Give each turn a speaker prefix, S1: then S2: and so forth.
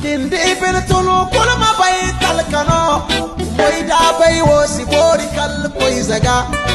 S1: dende ibele tolo ma bay talkano moy da bay wo si bori kal koy zaga